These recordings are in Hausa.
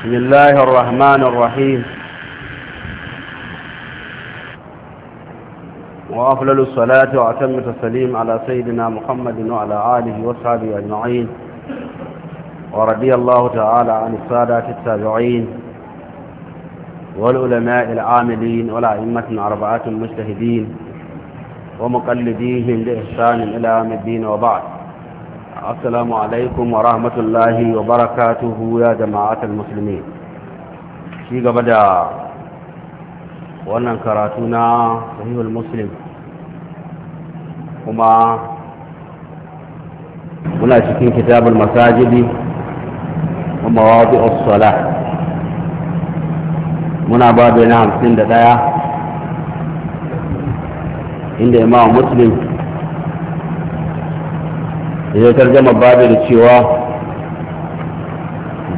بسم الله الرحمن الرحيم وأفضل الصلاة وأتم التسليم على سيدنا محمد وعلى آله وصحبه أجمعين ورضي الله تعالى عن السادات التابعين والعلماء العاملين والأئمة الأربعة المجتهدين ومقلديهم لإحسان إلى يوم الدين وبعد assalamu alaikum wa rahmatullahi wa barakatuhu ya jama'atul muslimi shi gaba da wannan karatu na sahihul muslim kuma muna cikin kitabul masajidi wa mawadi'us salah muna babu na 51 inda imamu muslim ya tarjama babu da cewa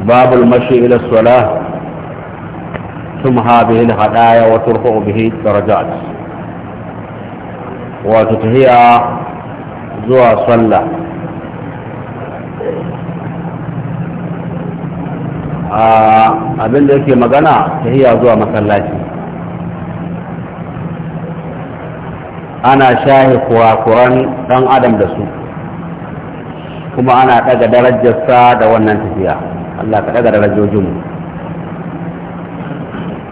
babu mashi ila sala tumha bihi hadaya wa turfa bihi darajat wato tahiya zuwa sallah abinda da yake magana tahiya zuwa masallaci ana shahi kuran ɗan adam da su kuma ana daga darajarsa da wannan tafiya Allah ka daga darajojinmu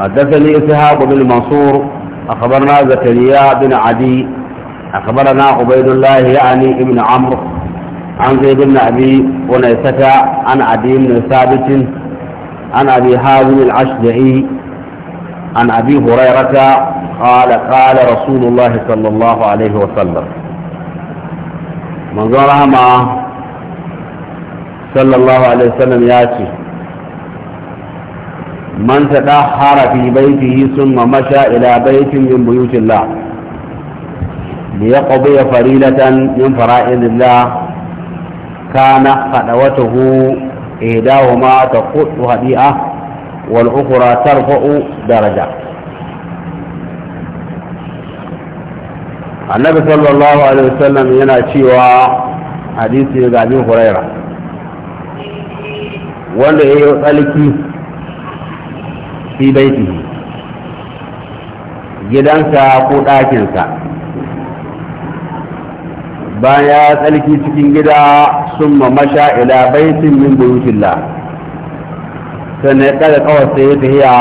حدثني إسحاق بن منصور أخبرنا زكريا بن عدي أخبرنا عبيد الله يعني ابن عمرو عن زيد بن أبي ونيسة عن عدي بن ثابت عن أبي حازم العشدعي عن أبي هريرة قال قال رسول الله صلى الله عليه وسلم من ظلم sallallahu alaihi wasallam ya ce man tadahhara fi baytihi thumma masha ila baytin min buyutillah liyaqdi farilatan min fara'idillah kana qadawatuhu ihdahuma taquttu hadi'ah wal ukhra tarfa'u daraja annabi sallallahu alaihi wasallam yana cewa hadisi ga Abi Hurairah wanda ya yi tsalki fi baiti gidansa ko ɗakinsa bayan ya tsalki cikin gida sun mamasha ila baitin min buyutilla sannan ya kada kawar sai ya tafiya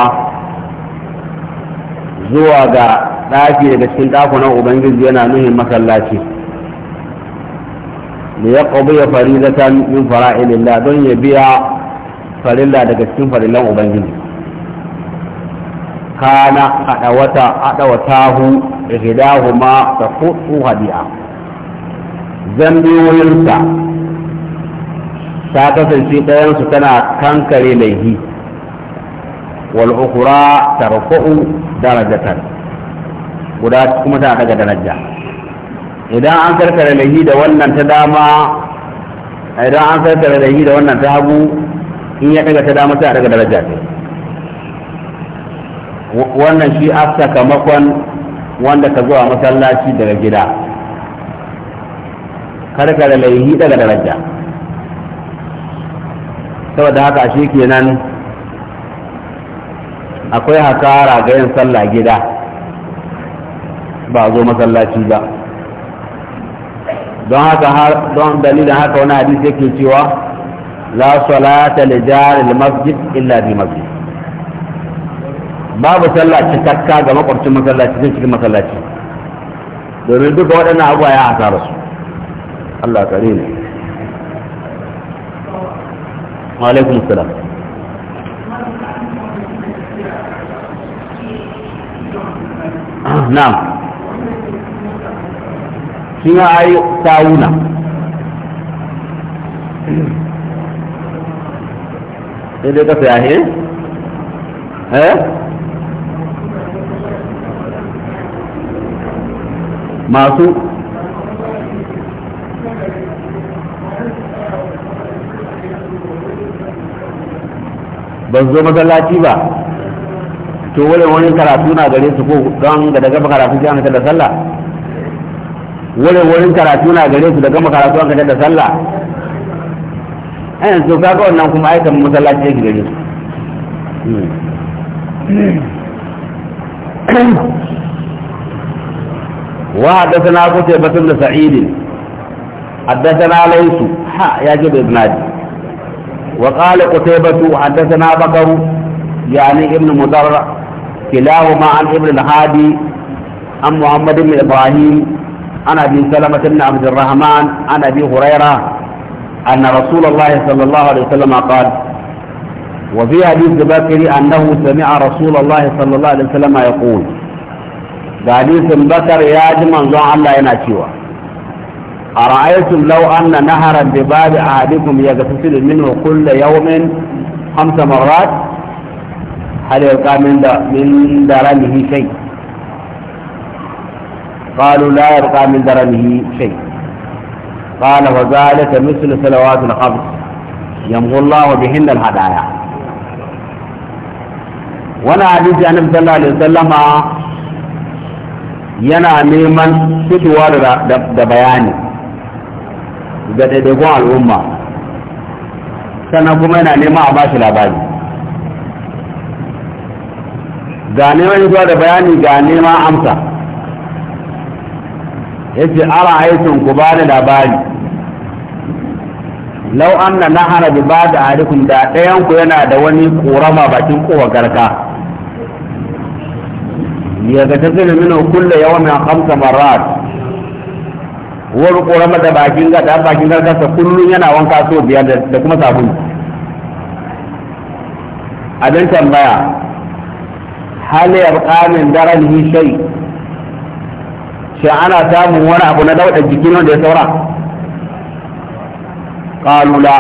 zuwa ga ɗaki daga cikin ɗakunan ubangiji yana nuhin masallaci da ya ƙabu ya faridatan min fara'ilillah don ya biya farilla daga cikin farillan ubangiji kana hada wata hada watahu ihdahuma taqutu hadi'a zambiyoyinsa ta kasance ɗayansu tana kankare laihi wal ukhra tarfa'u darajatan guda kuma tana daga daraja idan an karkare laihi da wannan ta dama idan an karkare laihi da wannan ta hagu in ya daga ta dama sai a daga daraja ta wannan shi a sakamakon wanda ka zuwa masallaci daga gida karka da laihi daga daraja saboda haka shi kenan akwai hasara ga yin sallah gida ba zo masallaci ba don haka don dalilin haka wani hadisi yake cewa la salata li jaril masjid illa babu cikakka ga makwabcin masallaci zai cikin masallaci domin duka waɗannan abuwa ya asara su Allah kare ne alaikum salam na'am shi ayi tawuna sai dai ka saya he eh masu ban zo masallaci ba to wani wani karatu na gare su ko don ga daga karatu sai an da sallah wani wani karatu na gare su daga karatu an da sallah eh to kaga wannan kuma ai kan masallaci yake gare su wa hadathana qutaybah bin sa'id حدثنا ليس ها يجب وقال قتيبة حدثنا بكر يعني ابن مدرع كلاهما عن ابن الهادي عن محمد بن إبراهيم عن أبي سلمة بن عبد الرحمن عن أبي هريرة أن رسول الله صلى الله عليه وسلم قال وفي حديث بكر أنه سمع رسول الله صلى الله عليه وسلم يقول حديث بكر يا جمن زعم الله يناتيوا أرأيتم لو أن نهرا بباب أحدكم يغتسل منه كل يوم خمس مرات هل يلقى من من درنه شيء قالوا لا يلقى من درنه شيء قال فذلك مثل سلوات الخمس يمحو الله بهن الهدايا وانا عديث عن صلى الله عليه وسلم ينا نيمان ستوار دبياني قد يدقون الأمة سنقوم هنا نيمة عباس العبادي قال نيمان ستوار دبياني قال نيمان عمسا yace ara aitun ku ba ni labari lau anna nahara bi ba da arikun da ɗayan ku yana da wani korama bakin kowa garka ya ga minin kulle kulla yawmin khamsa marat. wani korama da bakin da bakin garkarsa kullum yana wanka so biyar da kuma sabulu abin tambaya hal yarqa min hi shay' shi ana samun wani abu na dauɗa jiki nan da ya saura kalula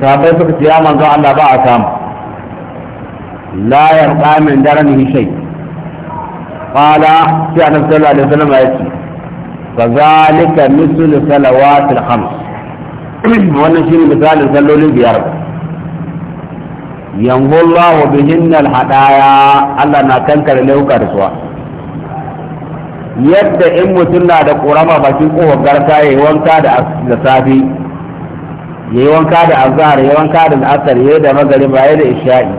Safai suka ce ya manzo Allah ba a samu la yarda min daranihi shay qala sai annabi sallallahu alaihi wasallam ya ce fa zalika mislu salawatil khams wannan shine misalin sallolin biyar yanzu Allah bihinna al hadaya Allah na kankare lauka da suwa yadda in mutum na da ƙorama bakin ƙofar garka ya yi wanka da safi ya yi wanka da azhar ya yi wanka da asar ya yi da magariba ya da isha'i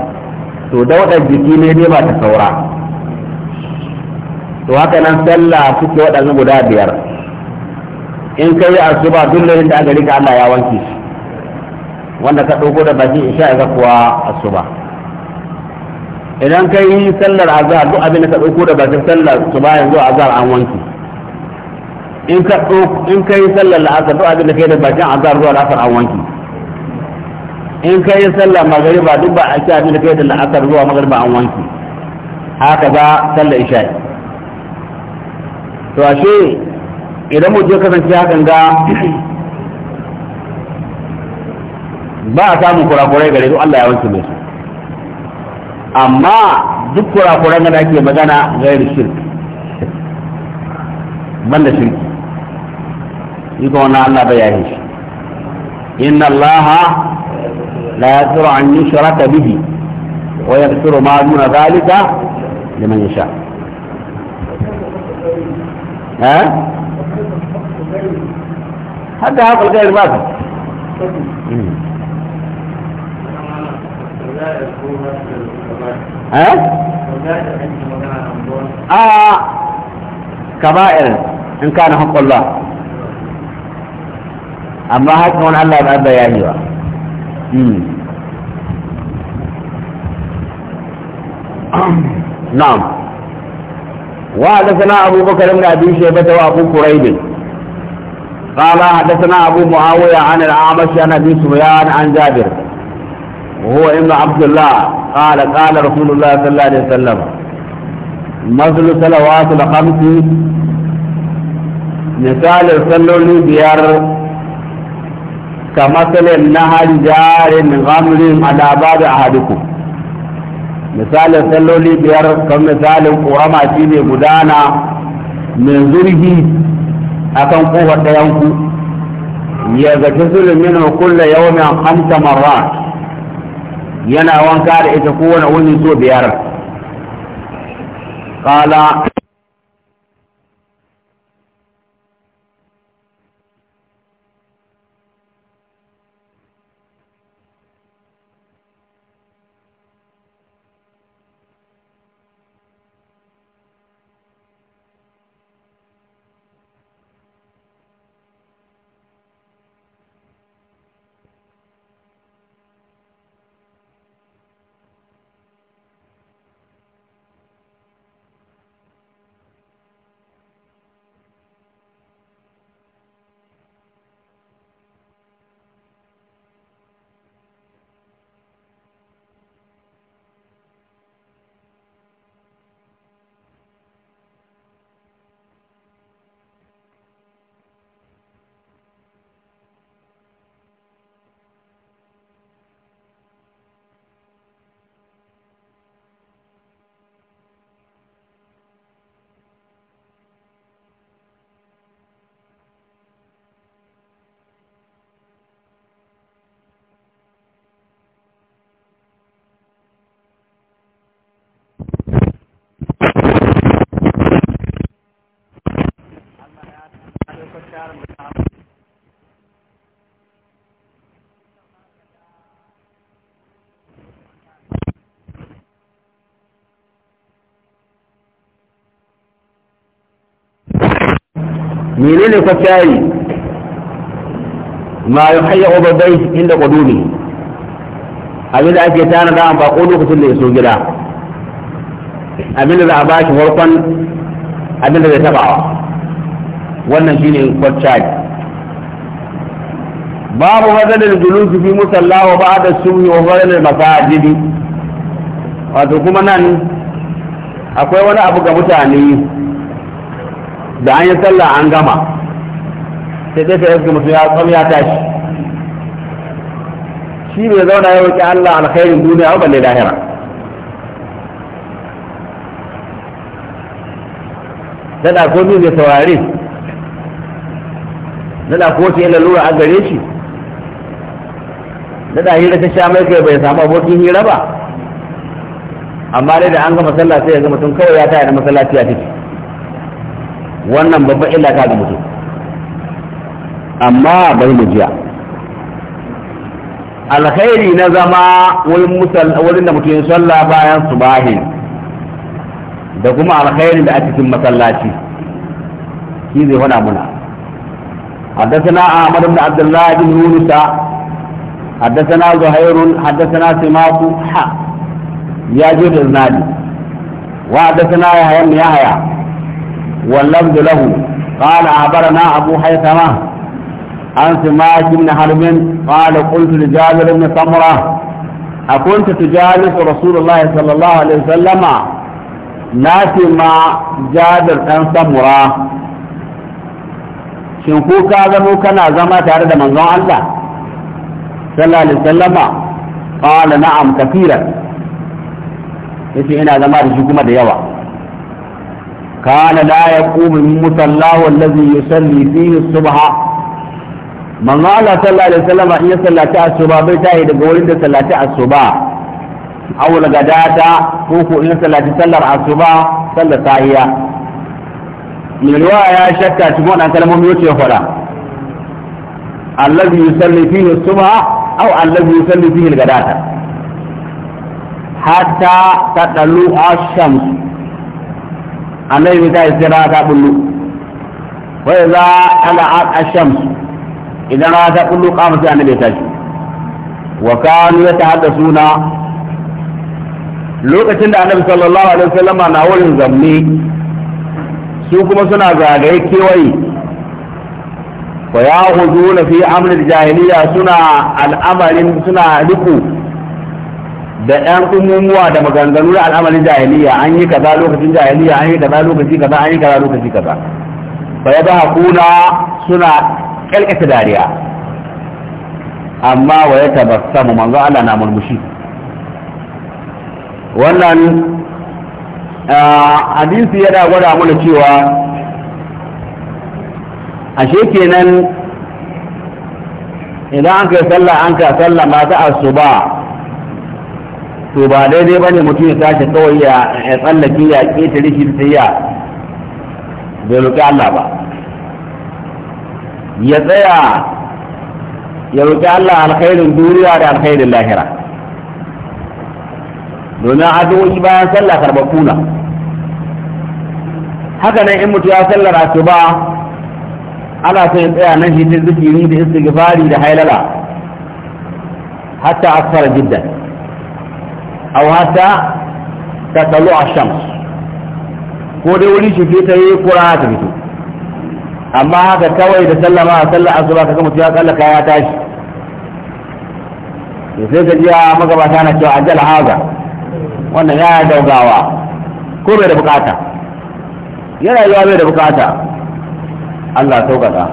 to daudar jiki ne ne ba ta saura to haka nan sallah suke waɗannan guda biyar in kai asuba duk da aka rika Allah ya wanke shi wanda ka ɗauko da bakin isha'i ga kuwa asuba idan ka yi sallar azhar duk abin da ka ɗauko da bakin sallar su bayan zuwa azhar an wanke in ka in ka yi sallar la'asar duk abin da kai da bakin azhar zuwa la'asar an wanke in ka yi sallar magariba duk ba a ci abin da kai da la'asar zuwa magariba an wanke haka za sallar isha'i to ashe idan mutum kasance hakan ga ba a samun kurakurai gare duk Allah ya wanke mai su amma duk kurakuran da ake magana gairu shirk banda shirk shi ko wannan Allah bai yaye shi inna Allah la yaghfiru an yushraka bihi wa yaghfiru ma duna zalika liman yasha ha hatta haka gairi ba ka Thank you. ها آه كبائر إن كان حق الله أما حكم الله بأبا يا أيها نعم وحدثنا أبو بكر بن أبي شيبة وأبو كريب قال حدثنا أبو معاوية عن الأعمش عن أبي سفيان عن جابر وهو ابن عبد الله قال قال رسول الله صلى الله عليه وسلم مثل صلوات الخمس مثال صلوا بيار كمثل النهر جار من غمر على باب أحدكم مثال صلوا بيار كمثال قرما شيني بدانا من زره أكن قوة ينكو يذكر منه كل يوم خمس مرات yana wanka da ita kowane wani so biyar qala menene kwakyari ma yi hayya obabai inda ne abin da ake tana da ba ko lokacin da ya so gida abin da za a bashi farkon abin da zai tabawa wannan shine kwakyari babu hadalin julusu fi musalla wa ba'da suhi wa fadalil masajidi wato kuma nan akwai wani abu ga mutane da an yi sallah an gama sai dai ka yi mutum ya tsam ya tashi shi bai zauna ya roƙi Allah alkhairin duniya ba balle lahira dada ko ni zai saurare dada ko ce lalura a gare shi dada hira ta sha mai kai bai samu abokin hira ba amma dai da an gama sallah sai ya ga mutum kawai ya taya da masallaci a ciki wannan babban illa ta ga mutum amma bai mu jiya alkhairi na zama wurin da mutum sallah bayan subahin da kuma alkhairi da a cikin masallaci shi zai hana muna حدثنا أحمد بن عبد الله بن يونس حدثنا زهير حدثنا سماك ح يا جد وحدثنا يحيى بن يحيى واللفظ له قال عبرنا أبو حيثمة عن سماك بن حرب قال قلت لجابر بن سمرة أكنت تجالس رسول الله صلى الله عليه وسلم ناسي مع جابر بن سمرة شنكو كاظمو كان زما تارد من الله صلى الله عليه وسلم قال نعم كثيرا yace ina zama da shi kuma da yawa كان لا يقوم من مصلى والذي يصلي فيه الصبح من قال صلى الله عليه وسلم ان يصلى تاع الصبح بيتا يدغ ورين ده صلاه الصبح او لغداتا كوكو ان صلى صلى الصبح صلى الصاهيا من لو يا شك تبون ان كلمه ميوتي يفرا الذي يصلي فيه الصبح او الذي يصلي فيه الغداتا حتى تطلع الشمس annabi ta yi sai ta bullu wa idza ala ashams idan rana ta bullu kama sai annabi ta ji wa kanu yatahaddathuna lokacin da annabi sallallahu alaihi wasallam na wurin zamne su kuma suna zagaye kewaye wa ya huzuna fi amrul jahiliya suna al'amarin suna riku da ɗan kumumuwa da maganganu da al'amarin jahiliya an yi kaza lokacin jahiliya an yi kaza lokaci kaza an yi kaza lokaci kaza fa ya ba kuna suna kyalkata dariya amma wa ya tabassamu manzo Allah na murmushi wannan hadisi da gwada mana cewa ashe kenan idan an kai sallah an ka sallah mata asuba to ba daidai ba ne mutum ya tashi kawai ya tsallake ya ƙetare shi da ya bai roƙi Allah ba ya tsaya ya roƙi Allah alkhairin duniya da alkhairin lahira domin addu'o'i bayan sallah karɓar kuna haka nan in mutum ya sallar asuba ana son ya tsaya nan shi ta zikiri da istighfari da hailala hatta asfara jiddan aw hatta tatalu ash-shams ko dai wuri shi ta yi kura ta fito amma haka kawai da sallama a sallar asuba kaga mutum ya kalla kaya tashi to sai ka jiya magabata na cewa ajal haza wannan ya daugawa ko bai da bukata yana yiwa bai da bukata Allah saukaka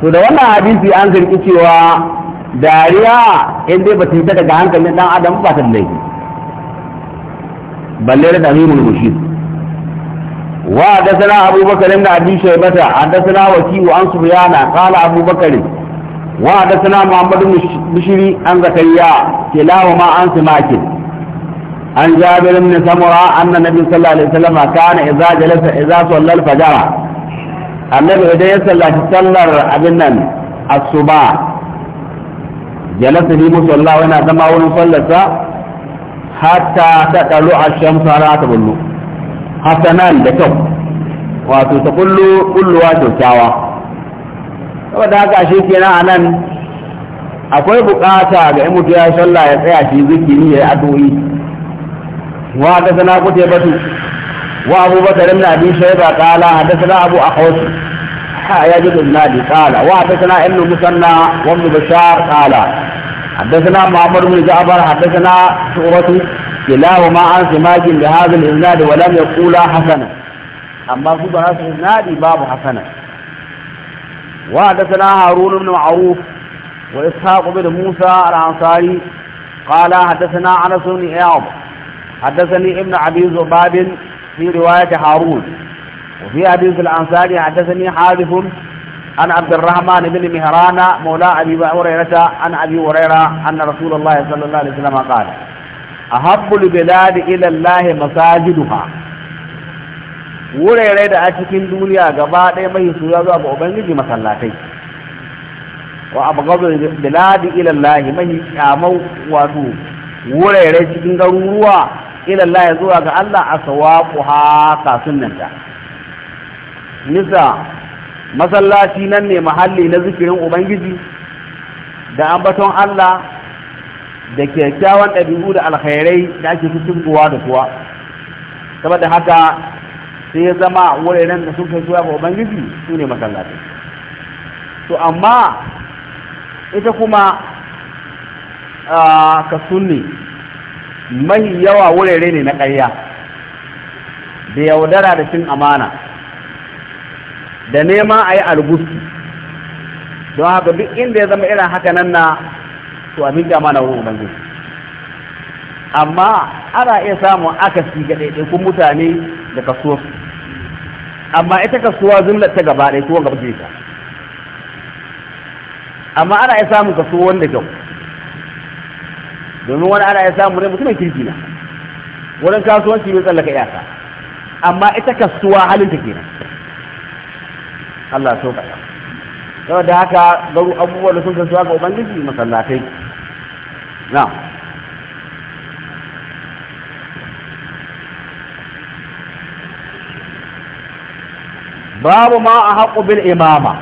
to da wannan hadisi an zargi cewa dariya in dai ba ta daga hankalin dan adam ba ta laifi balle da amirul mushir wa hadathana abu bakr ibn abi shaybata hadathana waki'u an subyana qala abu bakr wa hadathana Muhammadu mushiri an zakariya kilawa ma an simakin an jabir ibn samura anna nabi sallallahu alaihi wasallam kana idza jalasa idza sallal fajr annabi idan ya sallaci sallar abin nan asuba jalasa bi musalla yana zama wurin sallarsa hatta ta ɗalu a shan har ta bullu nan da kyau wato ta kullu kulluwa kyautawa saboda haka shi kenan a nan akwai bukata ga in mutu ya sallah ya tsaya shi zikiri ya yi addu'o'i wa da sana kute batu wa abu bakar ibn abi shayba qala hadathana abu ahwas ha ya jidu nadi qala wa hadathana ibn musanna wa ibn bashar qala حدثنا معمر بن جعفر حدثنا شعبة كلاهما عن سماج بهذا الإسناد ولم يقولا حسنا أما في هذا الإسناد باب حسنا وحدثنا هارون بن معروف وإسحاق بن موسى الأنصاري قال حدثنا أنس بن إعظم حدثني ابن أبي زباب في رواية هارون وفي حديث الأنصاري حدثني حادث عن عبد الرحمن بن مهران مولى أبي هريرة عن أبي هريرة أن رسول الله صلى الله عليه وسلم قال أحب البلاد إلى الله مساجدها wurare da a cikin duniya gaba ɗaya mai soya zuwa ga ubangiji masallatai wa abghadu biladi ila Allah mai kyamau wato wurare cikin garuruwa ila zuwa ga Allah a sawaquha nisa masallaci nan ne mahalli na zikirin ubangiji da ambaton Allah da kyakkyawan ɗabi'u da alkhairai da ake cikin kowa da kowa saboda haka sai ya zama wuraren da sun kai zuwa ga ubangiji su ne masallaci to amma ita kuma ka sunni mai yawa wurare ne na ƙarya da yaudara da cin amana da nema a yi algusu don haka duk inda ya zama irin haka nan na to abin da mana wurin ubangiji amma ana iya samun akasi ga ɗaiɗaikun mutane da kasuwa amma ita kasuwa zumla ta gaba ɗaya tuwon gaba ta amma ana iya samun kasuwa wanda kyau domin wani ana iya samun ne mutumin kirki na wurin kasuwanci mai tsallaka iyaka amma ita kasuwa halin ta kenan Allah so ka saboda haka garu abubuwan da sun kasuwa ga ubangiji masallatai na babu ma a haƙo bil imama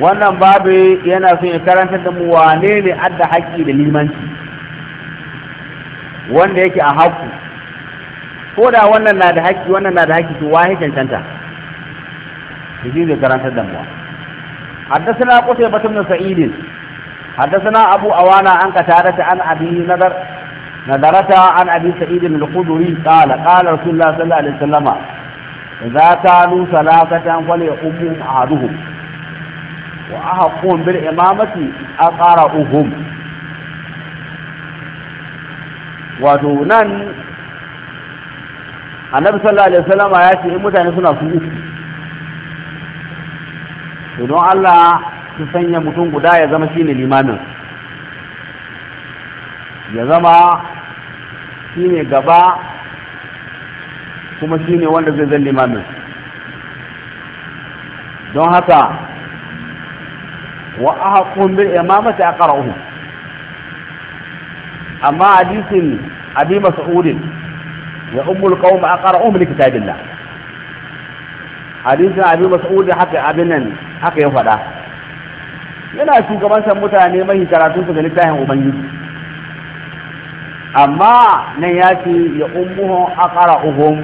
wannan babu yana son ya karanta da mu wane ne adda haƙƙi da limanci wanda yake a haƙu ko da wannan na da haƙƙi wannan na da haƙƙi to wahi cancanta يجيب يقرأ الدموع حدثنا قتيبة بن سعيد حدثنا أبو أوانا عن قتادة عن أبي نذر نذرة عن أبي سعيد الخدري قال قال رسول الله صلى الله عليه وسلم إذا كانوا ثلاثة فليقومهم أحدهم وأحقون بالإمامة أقرأهم ودونا النبي صلى الله عليه وسلم يأتي ce in mutane to don Allah su sanya mutum guda ya zama shine limamin ya zama shine gaba kuma shine wanda zai zan limamin don haka wa ahaqun bil imamati aqra'uhu amma hadisin abi mas'udin ya ummul qawm aqra'uhum li kitabillah hadisin abin mas'ud haka abin nan haka ya faɗa yana shugabantar mutane mahi karatu su ga littafin ubangiji amma nan ya ce ya ummuhum aqra'uhum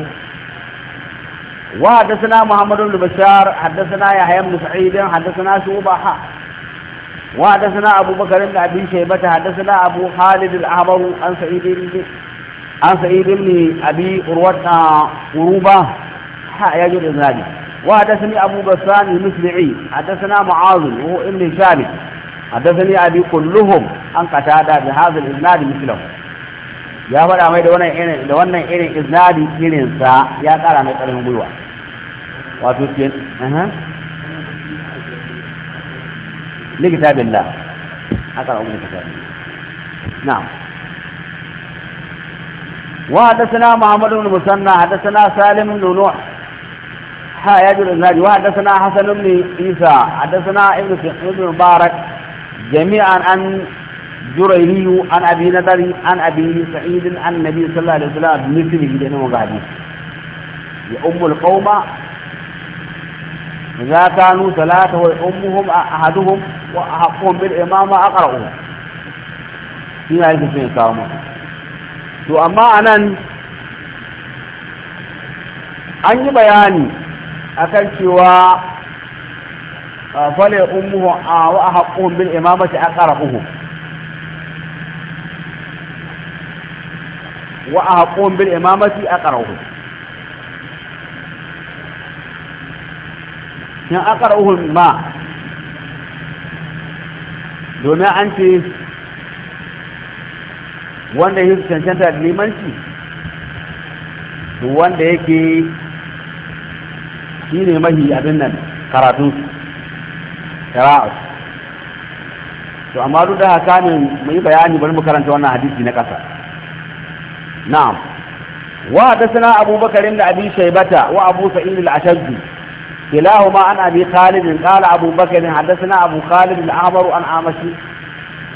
wa hadathana muhammad ibn bashar hadathana yahya ibn sa'id hadathana shubaha wa hadathana abu bakr ibn abi shaybah hadathana abu khalid al-ahmar an sa'id ibn an sa'id ibn abi urwa uruba ha ya ji da zabi وحدثني أبو بسان المسلعي حدثنا معاذ وهو ابن ثاني حدثني أبي كلهم أن قتادة بهذا الإذناد مثله يا فلا ما يدونا إن دونا إن إذناد إن سا يا كلا ما يكلم بيوا واتوتين أها لكتاب الله أكل أمي كتاب نعم وحدثنا محمد بن المثنى حدثنا سالم بن نوح ها يجل الناجي وحدثنا حسن بن عيسى حدثنا ابن ابن مبارك جميعا عن جريري عن ابي نضر عن ابي سعيد عن النبي صلى الله عليه وسلم مثل جدنا جدا يا ام القوم إذا كانوا ثلاثة وأمهم أحدهم وأحقهم بالإمامة أقرأهم في هذه السنة كامل to amma anan an yi akan cewa ah, fale ummuhu a ah, wa haqquhum bil imamati aqrabuhum wa haqquhum bil imamati aqrabuhum yan aqrabuhum ma domin an ce wanda yake cancanta limanci wanda yake shi ne mahi abin nan karatun kira'ar to amma duk da haka ne mu yi bayani bari mu karanta wannan hadisi na ƙasa na'am wa hadathana Abu Bakar da Abi Shaybata wa Abu Sa'id al-Ashajj كلاهما عن أبي خالد قال أبو بكر abu أبو خالد الأعمر عن عامشي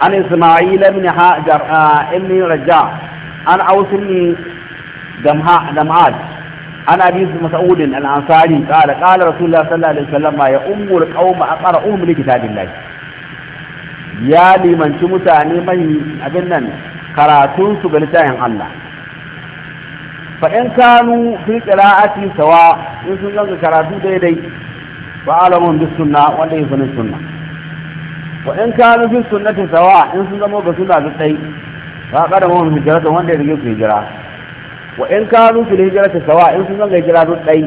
عن إسماعيل بن حاجر ابن رجاء عن أوس بن دمعاج عن ابي مسعود الانصاري قال قال رسول الله صلى الله عليه وسلم يا ام القوم أقرأهم لكتاب الله يا لمن تمتاني من أبنن كراتون سبلتاهم الله فان كانوا في قراءه سواء إن سنجل كراتون ديدي فعلمهم بالسنة وليس السنة وان كانوا في السنه سواء ان إن سنجل بسنة بالتي فقدمهم هجرة وان ديدي هجرة wa in kanu fil hijrati sawa in sun zanga hijira duk dai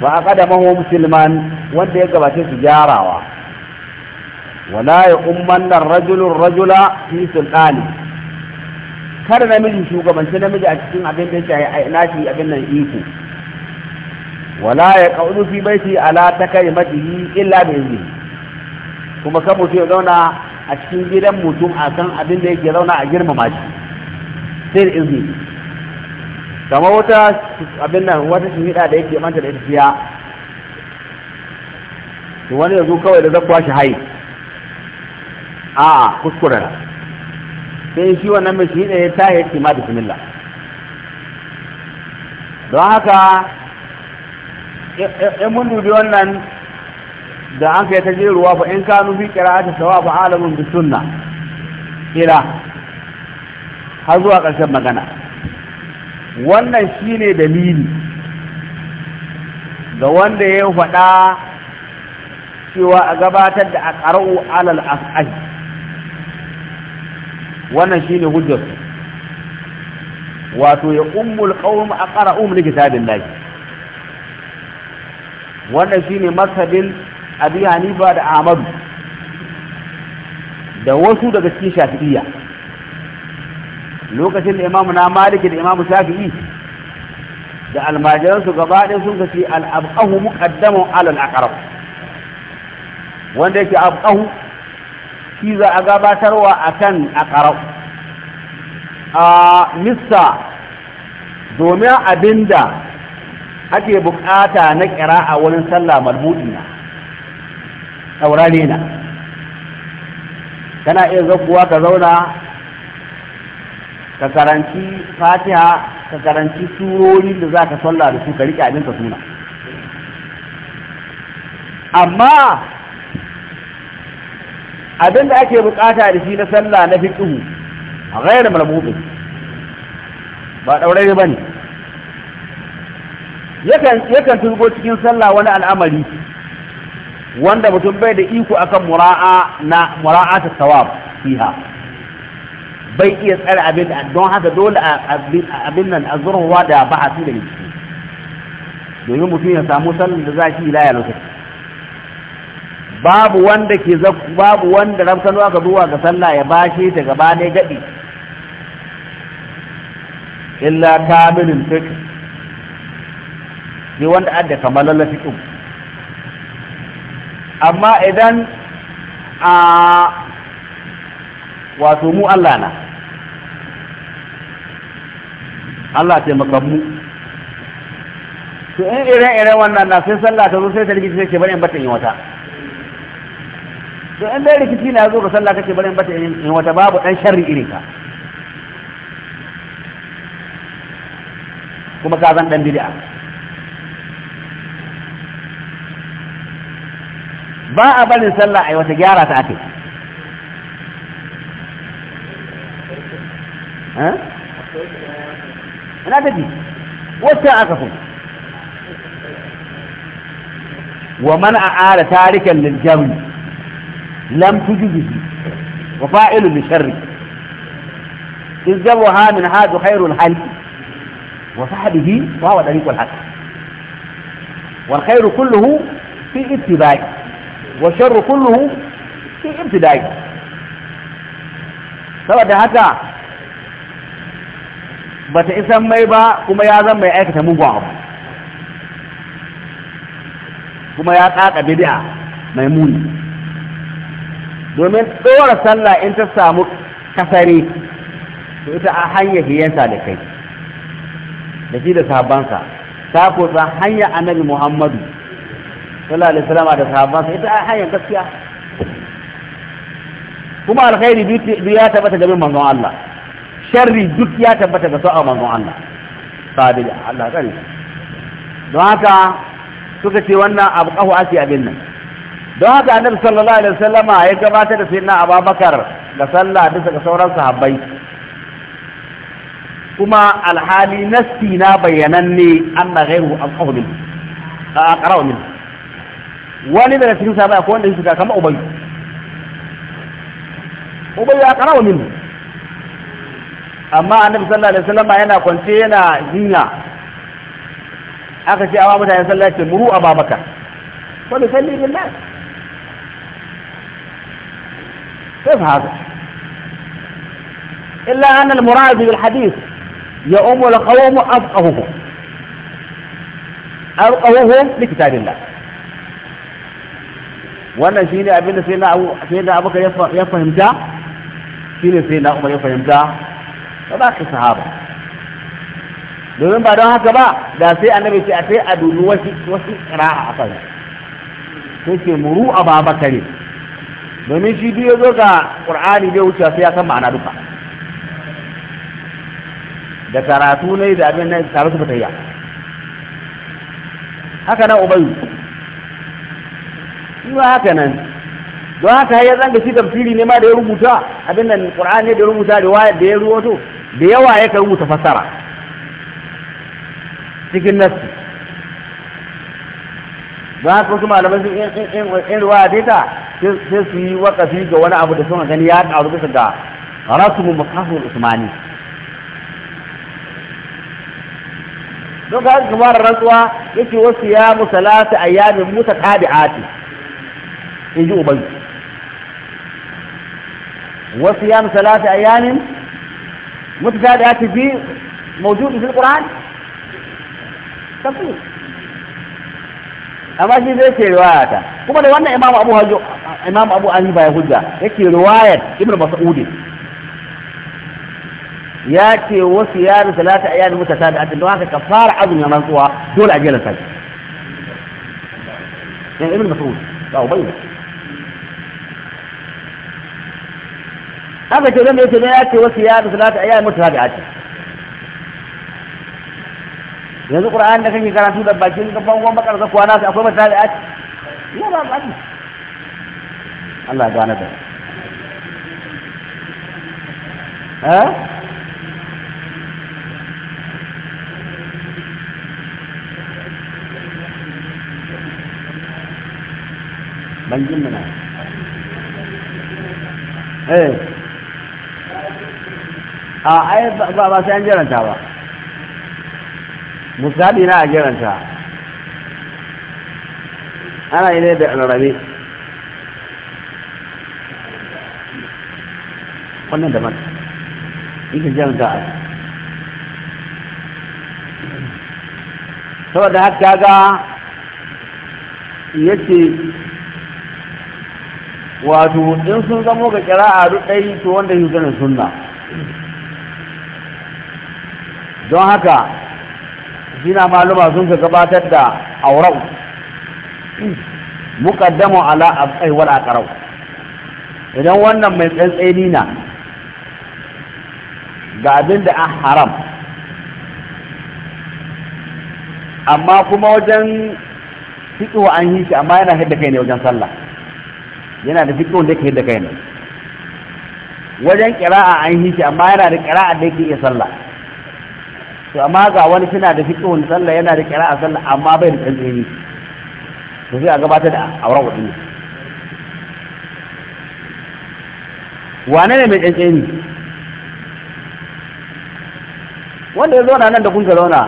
fa aqadamahu musliman wanda ya gabace su jarawa wala ya ar-rajulu ar-rajula fi sultani kada namiji shugabanci namiji a cikin abin da yake ina shi abin nan iko wala ya qaudu fi baiti ala takarimatihi illa bi izni kuma kan mutum ya zauna a cikin gidan mutum a kan abin da yake zauna a girmama shi sai da izini kamar wata abin nan wata shimida da yake manta da ita to wani yanzu kawai da zakwa shi hai a kuskure na sai shi wannan mai shimida ya tahe ce ma bismillah don haka in mun dubi wannan da an kai ta je ruwa fa in kanu fi qira'ati ba alamin bisunna ila har zuwa ƙarshen magana wannan shine dalili ga wanda ya faɗa cewa a gabatar da aqra'u alal as'al wannan shine hujjar wato ya ummul qawm aqra'u min kitabillahi wannan shine masabin abi hanifa da ahmad da wasu daga cikin shafi'iyya lokacin da imamu na maliki da imamu shafi'i da almajiransu gaba ɗaya sun kace al'abqahu muqaddamun alal aqrab wanda yake abqahu shi za a gabatarwa a kan a mista domin da ake buƙata na a wurin sallah malbudi na taurare na kana iya zakuwa ka zauna ka karanci fatiha ka karanci turori da za ka salla da su ka riƙe abin ka suna amma abin da ake bukata da shi na salla na tsuhu, a ghayr marbutin ba ɗaurari ba ne yakan yakan turbo cikin sallah wani al'amari wanda mutum bai da iko akan mura'a na ta fiha bai iya tsare abin da don haka dole a abin nan a zurwa da su da bincike domin mutum ya samu sallar da za shi ilaya lokaci babu wanda ke babu wanda ramsano aka zuwa ga sallah ya bashe ta gaba ne gadi illa kamilin fiqh ne wanda adda kamalan fiqh amma idan a wato mu Allah na Allah taimakan mu to in ire irin wannan na sai sallah ta zo sai ta rikici sai ce bari in bata yin wata to in dai rikici na zo ga sallah ce bari in bata yin wata babu dan sharri irin ka kuma ka zan dan bid'a ba a barin sallah ai wata gyara ta ake eh أنا أدري وتعرفوا ومن أعال تاركا للجمع لم تجده وفاعل لشر إذ جوها من هذا خير الحل وصحبه وهو طريق الحق والخير كله في ابتدائه والشر كله في ابتدائه saboda haka ba ta isan mai ba kuma ya zan mai aikata mugun abu kuma ya tsaka bid'a mai muni domin tsohon sallah in ta samu kasari to ita a hanyar hiyansa da kai da shi da sabansa ta kusa hanya annabi muhammadu sallallahu alaihi wasallam da sabansa ita a hanyar gaskiya kuma alkhairi biyu ya tabbata gaban manzon Allah sharri duk ya tabbata ga sa'a manzon Allah sabi Allah kare don haka suka ce wannan abu kahu ake abin nan don haka annabi sallallahu alaihi wasallama ya gabatar da sayyidina Abubakar da sallah bisa ga sauran sahabbai kuma alhali nasti na bayyananne anna ghairu aqahu min aqra'u min wani daga cikin sahabbai akwai wanda suka kama ubayy ubayy aqra'u min. amma annabi sallallahu alaihi wasallam yana kwance yana jinya aka ce awa mutane sallallahu sallah ce muru ababaka wani salli bin nan كيف هذا إلا أن المراد بالحديث يؤم القوم أفقههم أفقههم لكتاب الله wannan shi ne abinda sai na abu ka ya fahimta shi ne sai na umar ya fahimta ba za ka sahaba domin ba don haka ba da sai annabi ce a sai a dubi wasu wasu qira'a a kan sai ke muru a ababakar domin shi biyo zo ga qur'ani bai wuce sai ya san ma'ana duka da karatu ne da abin nan tare su fatayya haka nan ubayu shi ba haka nan don haka ya zanga shi tafsiri ne ma da ya rubuta abin nan qur'ani ne da ya rubuta da ya ruwato da yawa yakan rubuta fasara cikin nassi ba haka wasu malaman sun in ruwa da ta sai su yi wakafi ga wani abu da suna gani ya karu bisa ga rasumu makasul usmani don ka haka kamar rantsuwa yake wasu ya musalata ayyamin muta tabi'ati in ji ubangi wasu ya musalata ayyamin متفادات الدين موجود في القرآن تفصيل أما شيء زي رواية هو لو أن إمام أبو هجو إمام أبو أنيبا يهودا يكي رواية ابن مسعود ياتي وصيام ثلاثة أيام متتابعة نواف كفار عظم يا منصور دول عجلة يعني ابن مسعود لا بينك aka ce zama yake ya ce wasu ya da salata ayyai mutu ha da ake yanzu ƙura'an da kake karatu da bakin gaban gwan bakar zakuwa nasu akwai mutu ha da ake ya ba ba ne Allah gane da eh? ban jin mana eh a ai ba ba sai an jiranta ba misali na a jiranta ana yi ne da rarrabe wannan daban ikin jiranta a saboda haka ga yace wato in sun zamo ga kira'a a ɗari to wanda yi ganin sunna don haka jina maluma sun ka gabatar da aurau muqaddamu ala abqai wal karau. idan wannan mai tsantseni na ga abin da an haram amma kuma wajen fito an yi shi amma yana hidda kai ne wajen sallah yana da fito da yake hidda kai ne wajen kira'a an yi shi amma yana da kira'a da yake iya sallah to amma ga wani suna da fiqhun sallah yana da a sallah amma bai da tsantsini to sai a gabatar da auren wadi ne wane ne mai tsantsini wanda ya zauna nan da kun zauna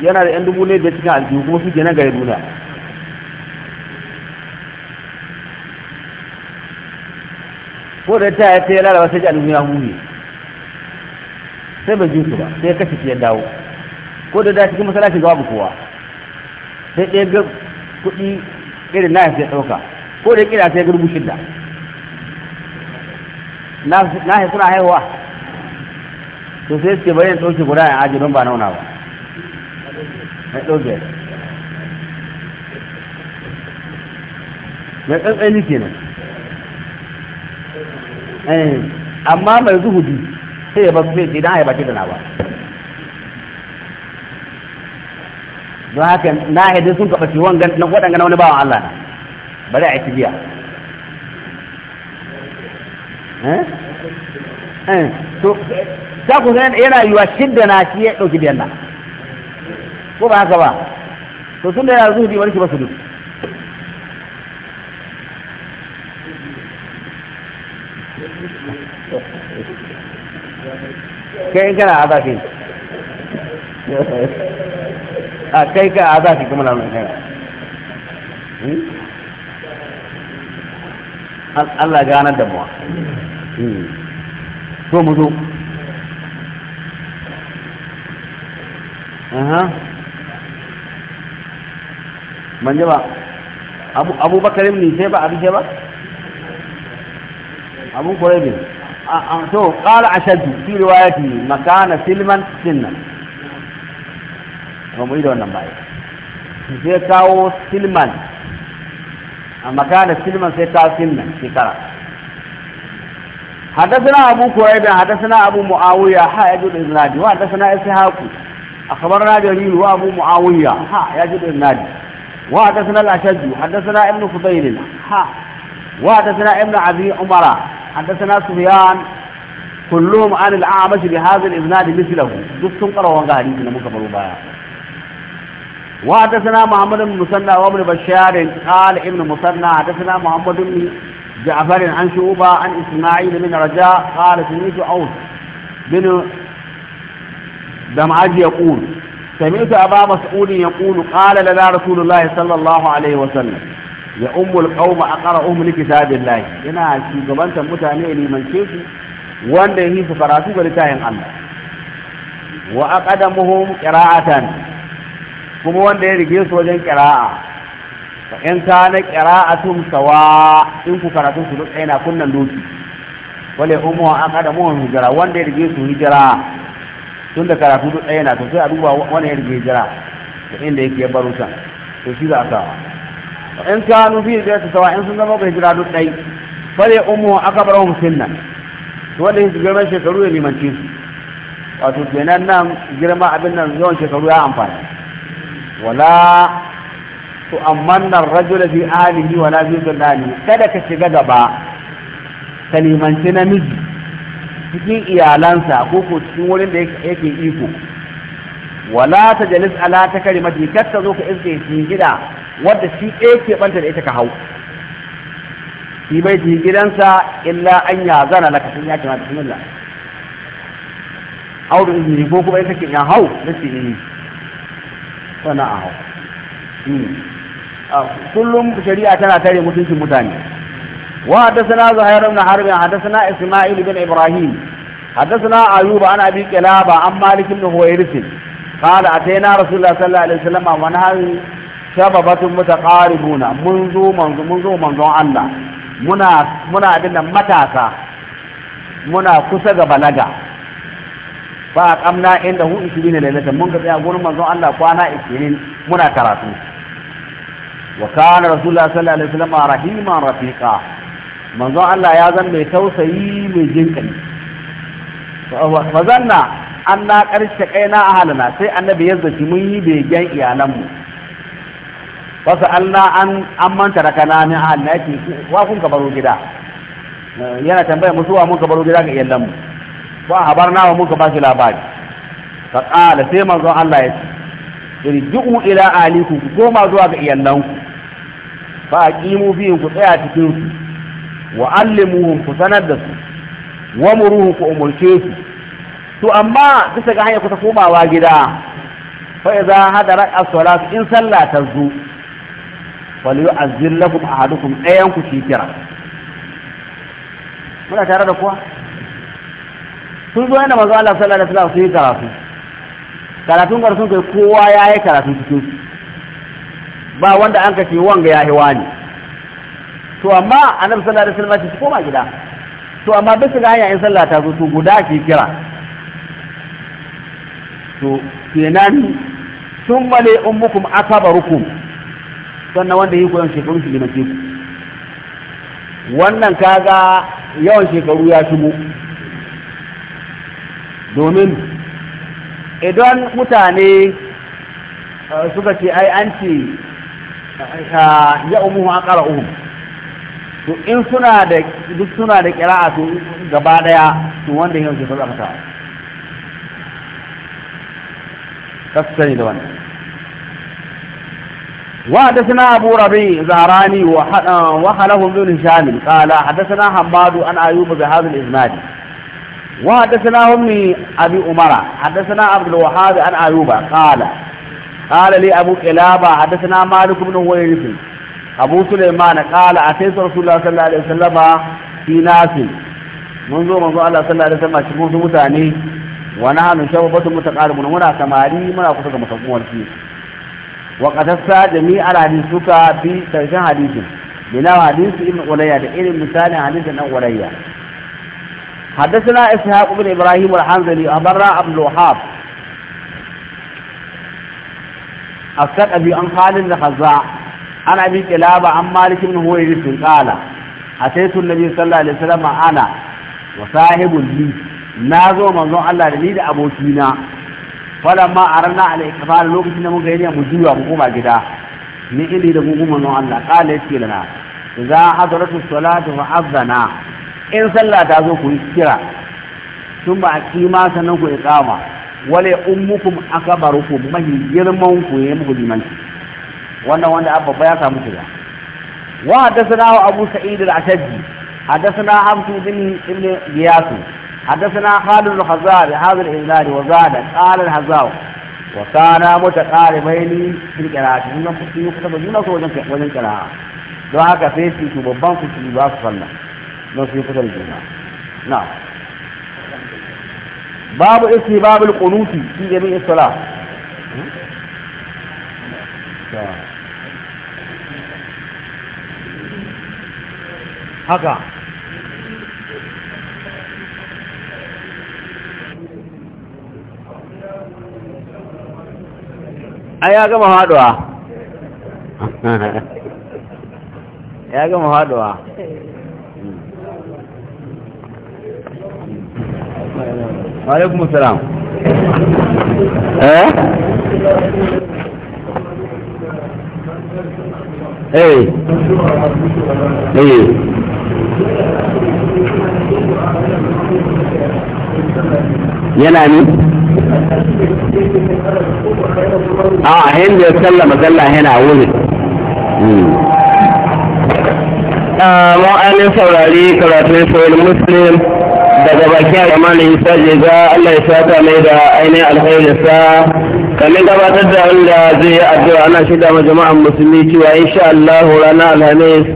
yana da yan dubu ne da cikin aljihu kuma su ke nan gare duniya ko da ta ya ta ya lalaba sai ji aljihu ya huye sai bai jinsu ba sai ya kashe shi ya dawo ko da dace cikin masallacin ga babu kowa sai ɗaya ga kuɗi irin na ya ɗauka ko da ya kira sai garbu shidda na ya suna haihuwa to sai suke bayan ɗauke guda a aji ba nauna ba na ɗauke mai tsantsani kenan eh, amma mai zuhudi sai ba su sai dan ba baki da na ba don haka na haidin sun kaɓa ciwon na waɗanga na wani bawan Allah na bari a yi biya, eh? eh, to ta ku san yana yiwa shidda na shi ya ɗauki biyan na ko ba haka ba to sun da yana zuhudi wani shi ba su duk kai kana a zafi a kai ka a zafi kuma lamun kai hmm? Allah ga ranar da muwa so hmm. mu zo ban ji ba abubakar ibn sai ba abin ba abu kurai آه، آه، قال أشد في روايته مكان سلما سنا هو مريد yi da wannan سلما آه، مكان سلما silman سنا makanar silman حدثنا أبو كريب حدثنا أبو معاوية ها يجد إسنادي وحدثنا إسحاق أخبرنا جرير وأبو معاوية ها يجد إسنادي وحدثنا الاشد حدثنا ابن فضيل ها وحدثنا ابن عبد عمر حدثنا سفيان كلهم عن الأعمش بهذا الإسناد مثله دستم قروا حديث لما كبروا بها وحدثنا محمد بن مسنى وابن بشار قال ابن مسنى حدثنا محمد بن جعفر عن شعوبة عن إسماعيل بن رجاء قال سمعت أوس بن دمعج يقول سمعت أبا مسعود يقول قال لنا رسول الله صلى الله عليه وسلم ya umul qauma aqra'uhum likitabillahi gaban shugabantar mutane ce su wanda yi su karatu ga littafin Allah wa aqadamuhum qira'atan kuma wanda ya rige su wajen qira'a fa in na qira'atum sawa in ku karatu su duk ɗaya kunnan doki wale ummu aqadamuhum hijra wanda ya rige su hijra tun da karatu duk ɗaya na to sai a duba wanda ya rige hijra inda yake ya baro san, to shi za a sawa in kanu fi hijrati sawa in sun zama ga hijira duk dai fare ummu mu sunnan to wanda yake girma shekaru ya limanci su wato kenan nan girma abin nan yawan shekaru ya amfana wala to amanna ar-rajul fi alihi wala fi dhillani kada ka shiga gaba ka limanci namiji cikin iyalansa ko ko cikin wurin da yake iko wala ta jalis ala ta kalimati kar ka zo ka iske shi gida wadda shi ɗaya ke banta da ita ka hau shi bai ji gidansa illa an ya zana laka sun ya kima bismillah in izini ko kuma ita ke hau na ce ne sana a hau hmm. kullum shari'a tana tare mutuncin mutane wa haddathana zuhair ibn harb haddathana isma'il ibn ibrahim haddathana ba an abi qilaba an malik ibn huwairis قال أتينا رسول الله صلى الله عليه وسلم ونهى shababatun mutaqaribuna mun zo manzo mun zo manzon Allah muna muna abinda matasa muna kusa ga balaga fa kamna inda hu 20 lailatan mun ga tsaya gurin manzon Allah kwana 20 muna karatu wa kana rasulullah sallallahu alaihi wasallam rahiman rafiqa manzon Allah ya zan mai tausayi mai jinkai fa zanna anna karshe kaina ahalana sai annabi ya zaci mun yi begen iyalanmu wasu Allah an an manta da a Allah yake wa kun ka baro gida yana tambaya mu zuwa mun ka baro gida ga iyalan mu wa habar wa mun ka ba shi labari fa qala sai manzo Allah ya ce irji'u ila alikum ku koma zuwa ga iyalan ku fa aqimu fihi ku tsaya cikin su wa allimuhum ku sanar da su wa muruhu ku umurce su to amma bisa ga hanya ku ta komawa gida fa idza hadara as-salat in sallah ta zu wal yu'azzil lakum ahadukum ɗayan ku shi kira muna tare da kuwa sun zo yana manzo Allah sallallahu alaihi wasallam sun yi karatu karatun sun kai kowa ya yi karatu cikin su ba wanda an kace wanga ya yi wani. to amma annabi sallallahu alaihi wasallam shi koma gida to amma duk ga hanya in sallah ta zo su guda shi kira to kenan sun male ummukum akabarukum don na wanda yi koyon shekaru su gina teku wannan kaga yawan shekaru ya shigo domin idan mutane eh, suka ce ai an ce eh, eh, ya umuhu an ƙara uhu to in suna da duk suna da ƙira'a to gaba ɗaya to wanda yawan shekaru a aka kasu sani da wannan وحدثنا أبو ربي زاراني وحله آه، بن هشام قال حدثنا حماد عن أيوب بهذا الإسناد وحدثنا أمي أبي عمر حدثنا عبد الوهاب عن أيوب قال قال لي أبو كلابة حدثنا مالك بن هويرث أبو سليمان قال أتيت رسول الله صلى الله عليه وسلم في ناس منذ منذ الله صلى الله عليه وسلم شموس متاني ونحن شبابة متقاربون هنا سماري من كتب متقوم فيه وقد أسى جميع الحديثك في ترشان حديث لنا حديث ابن قليا لإن مثال حديث ابن قليا حدثنا إسحاق بن إبراهيم الحنزلي أخبرنا عبد الوهاب أفتت أبي أن خالد الخزاع عن أبي كلابة عن مالك بن هويرس قال أتيت النبي صلى الله عليه وسلم أنا وصاحب لي نازو منظوم الله لي لأبوكينا falamma arana ala ikfar lokacin da muka yi mu juya mu koma gida ni ili da guguman nan Allah qala yake lana idza hadaratu salatu wa azana in sallah ta zo ku kira tun ba kima sanan ku iqama wale ummukum akabarukum mahi girman ku yayin muku limanci wannan wanda abba ba ya samu shiga wa hadathana abu sa'id al-ashajji hadathana hamdu bin ibn giyas حدثنا خالد بن خزار هذا الإبلاد وزاد قال الهزاو وكان متقاربين في القراءة من في يكتب من وجن وجن قراءة دعاك في في ببان في لباس صلى من في كتب الجنة نعم باب اسم باب القنوت في جميع الصلاة هكذا a ya gama haɗuwa ya gama haɗuwa kuma salam eh eh eh yana ne a hin da sallama sallah yana wuri hmm. ah, mu an saurari karatun sayar muslim daga bakin ramanin isa jiga allah ya sata mai da ainihin alhairinsa kamin gabatar da wanda zai addu'a ana shida ma jama'an musulmi cewa insha Allah ranar alhamis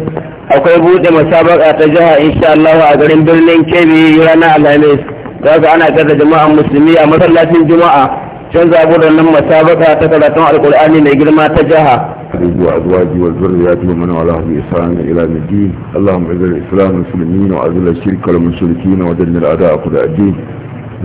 akwai buɗe musabaka ta jiha insha Allah a garin birnin kebbi ranar alhamis daga ana kada jama'an musulmi a masallacin juma'a كان زابور لما nan masabaka ta القرآن alkur'ani mai girma ta jiha وأزواجي والذريات ومن على أهل بإحسان إلى الدين اللهم أعز الإسلام والمسلمين وأذل الشرك والمشركين ودن الأداء قد الدين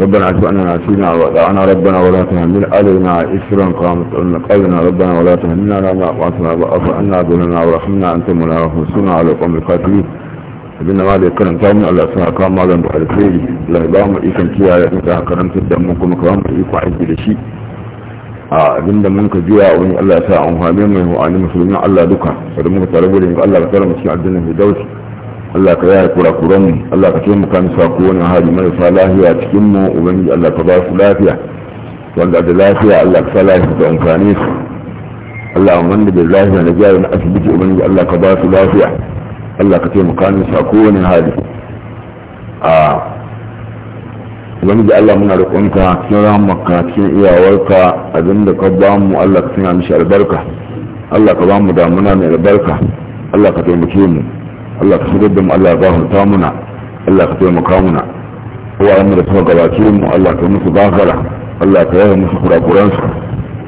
ربنا عفو أننا عسينا وأطعنا ربنا ولا تهمل علينا إسرا قامت أن قلنا ربنا ولا تهملنا لما أعطنا وأعطنا دوننا ورحمنا أنت منا وخلصنا على قوم القاتلين abin da malai karanta mu Allah suna kawo malam da alkhairi Allah ba mu ikan kiyaye da karanta da mu kuma ka mu iko aiki da shi a abin da mun ka biya a wani Allah sa an hame mai wa'ani musulmin Allah duka mun muka tare gudun Allah ka tsara mu cikin addinin dauki Allah ka yaya kurakuran Allah ka taimaka mu sa kowane hali marasa lafiya cikin mu ubangi Allah ka ba su lafiya wanda da lafiya Allah ka sa lafiya da amfani su Allah wanda da lafiya na jiya na asibiti ubangi Allah ka ba su lafiya Allah ka taimaka musu a kowane hali a ubangiji Allah muna roƙonka cikin rahmarka cikin iyawarka abinda ka ba mu Allah ka sanya mishi albarka Allah ka ba mu damuna mai albarka Allah ka taimake mu Allah ka shigar da mu Allah ba hulta muna Allah ka taimaka muna kowa mu da suka gabace mu Allah ka musu gafara Allah ka yaye musu kurakuransu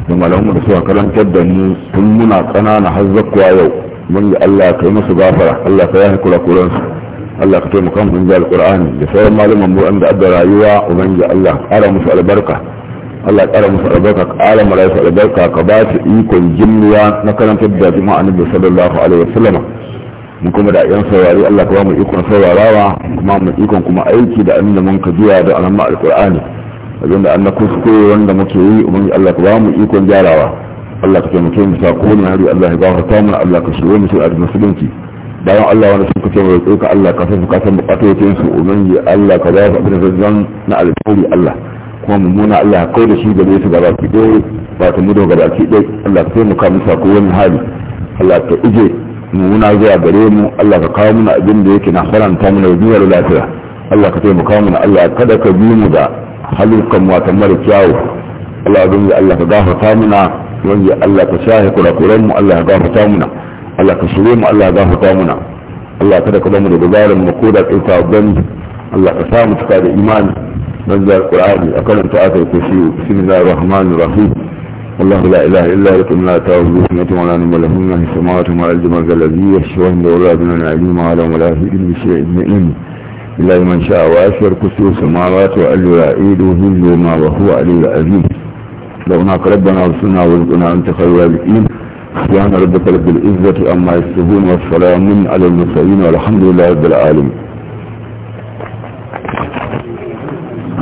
da malamu da suka karantar da mu tun muna ƙanana har zakkuwa yau mun yi Allah kai musu gafara Allah ka yahi kula kuransu Allah ka taimaka mu da alƙur'ani da sauran malaman mu an da adda rayuwa ubangi Allah ƙara musu albarka Allah ƙara musu albarka ƙara malayu albarka ka ba su ikon jinniya na karantar da jama'a Annabi sallallahu alaihi wasallam mu kuma da yan saurari Allah ka ba mu ikon saurarawa kuma mu ikon kuma aiki da annabi mun ka jiya da alamma alƙur'ani abinda an na kuskure wanda muke yi umarni Allah ka ba mu ikon gyarawa Allah ka taimake mu ta kowane hari Allah ya gafarta mana Allah ka shirye mu shi'a da musulunci bayan Allah wanda suka ce mai tsoka Allah ka san bukatun bukatotin su umarni Allah ka ba su abin da zan na alƙawari Allah kuma mummuna Allah ya kai da shi gare su gaba ki dai ba ta mudo gaba ki dai Allah ka taimaka mu ta wani hali Allah ka ije mummuna zuwa gare mu Allah ka kawo mana abin da yake na faranta mana duniyar lafiya Allah ka taimaka mu Allah kada ka bi mu da halukan wata mara kyawu Allah don ya Allah ka gafarta muna don ya Allah ka shahi kurakuran mu Allah ka gafarta muna Allah ka shirye mu Allah ka gafarta muna Allah kada ka bamu da dubaran mu ko da tsinta gani Allah ka sa mu cika da imani don da Qur'ani a kan ta aka ko shi bismillahir rahmanir rahim الله لا إله إلا هو لا تعوذ بسمة ولا نوم له من السماوات وما الجمال الذي يشفى عند ولا بنا عليم على ملائكة بشيء من علمه إلا من شاء وأشهر كسر السماوات وقال له يعيده ما وهو علي العظيم لغناك ربنا ورسلنا ورزقنا أنت خير الإيم سبحان ربك رب العزة أما يستهون والسلام على المرسلين والحمد لله رب العالمين